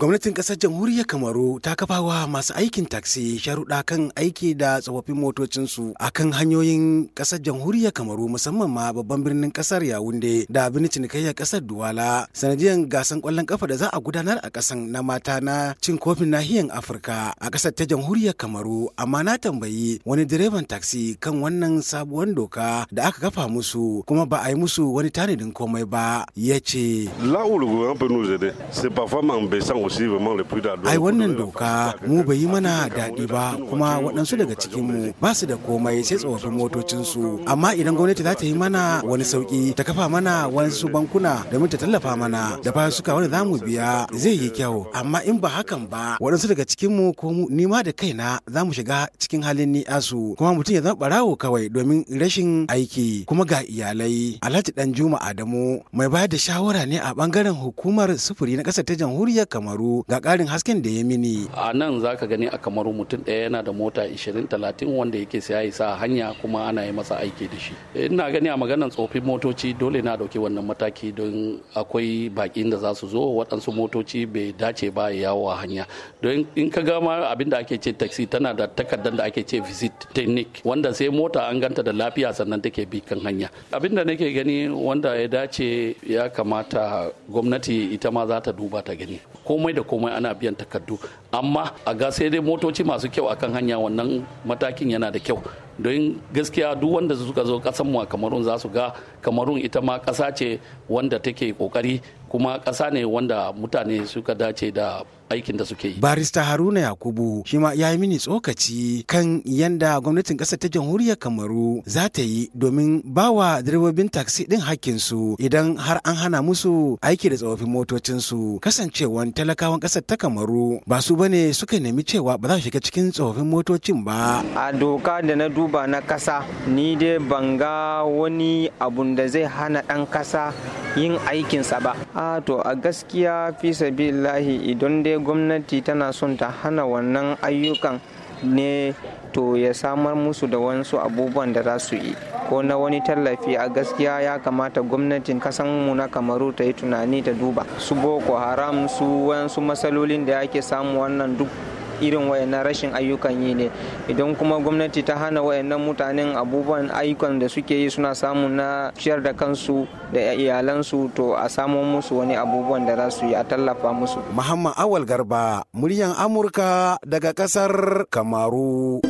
Gwamnatin ƙasar jamhuriyar Kamaru ta kafa wa masu aikin taksi sharuɗa kan aiki da tsofaffin motocinsu a kan hanyoyin ƙasar jamhuriyar Kamaru musamman ma babban birnin ƙasar Yawunde da abin cinikayyar ƙasar Duwala. Sanadiyar gasan ƙwallon ƙafa da za a gudanar a ƙasan na mata na cin kofin nahiyar Afirka a ƙasar ta jamhuriyar Kamaru amma na tambayi wani direban taksi kan wannan sabuwar doka da aka kafa musu kuma ba a yi musu wani tanadin komai ba ya ce. ai wannan doka mu bai yi mana daɗi ba kuma waɗansu daga cikinmu ba su da komai sai tsofaffin motocinsu amma idan gwamnati za ta yi mana wani sauki ta kafa mana wasu bankuna domin ta tallafa mana da ba suka wani zamu biya zai yi kyau amma in ba hakan ba waɗansu daga cikinmu ko mu ni da kaina za mu shiga cikin halin ni'asu kuma mutum ya zama barawo kawai domin rashin aiki kuma ga iyalai alhaji dan juma adamu mai bayar da shawara ne a bangaren hukumar sufuri na ƙasar ta jamhuriyar kamaru ga ƙarin hasken da ya mini. A nan za ka gani a Kamaru mutum ɗaya yana da mota 20-30 wanda yake saya sa hanya kuma ana yi masa aiki da shi. Eh, ina gani a maganar tsofin motoci dole na ɗauki wannan mataki don akwai baƙin da za su zo waɗansu motoci bai dace ba yawo a hanya. Don in ka gama abin da ake ce taxi tana da takardar da ake ce visit technique wanda sai mota an ganta da lafiya sannan take bi kan hanya. Abin da nake gani wanda ya dace ya kamata gwamnati ita ma za ta duba ta gani. Ko komai da komai ana biyan takardu amma a ga sai dai motoci masu kyau akan hanya wannan matakin yana da kyau don gaskiya duk wanda suka zo kasanmu a kamarun za su ga kamarun ita ma kasa ce wanda take kokari kuma ƙasa ne wanda mutane suka dace da aikin da suke yi. Barista Haruna Yakubu shi ma ya yi mini tsokaci kan yanda gwamnatin ƙasar ta jamhuriyar Kamaru za ta yi domin bawa direbobin taksi ɗin hakkinsu idan har an hana musu aiki da tsofaffin motocinsu kasancewan talakawan ƙasar ta Kamaru ba su bane suka nemi cewa ba za su shiga cikin tsofaffin motocin ba. A doka da na duba na ƙasa ni dai ban ga wani abun da zai hana ɗan ƙasa yin aikinsa ba a to a gaskiya fi sabillahi idan dai gwamnati tana son ta hana wannan ayyukan ne to ya samar musu da wasu abubuwan da za su yi ko na wani tallafi a gaskiya ya kamata gwamnatin kasanmu na kamaru ta yi tunani ta duba su boko haram su wasu matsalolin da ake samu wannan duk irin wayannan rashin ayyukan yi ne idan kuma gwamnati ta hana wayannan mutanen abubuwan ayyukan da suke yi suna samu na ciyar da kansu da iyalansu to a samo musu wani abubuwan da za su yi a tallafa musu muhammad awal garba muryan amurka daga kasar kamaru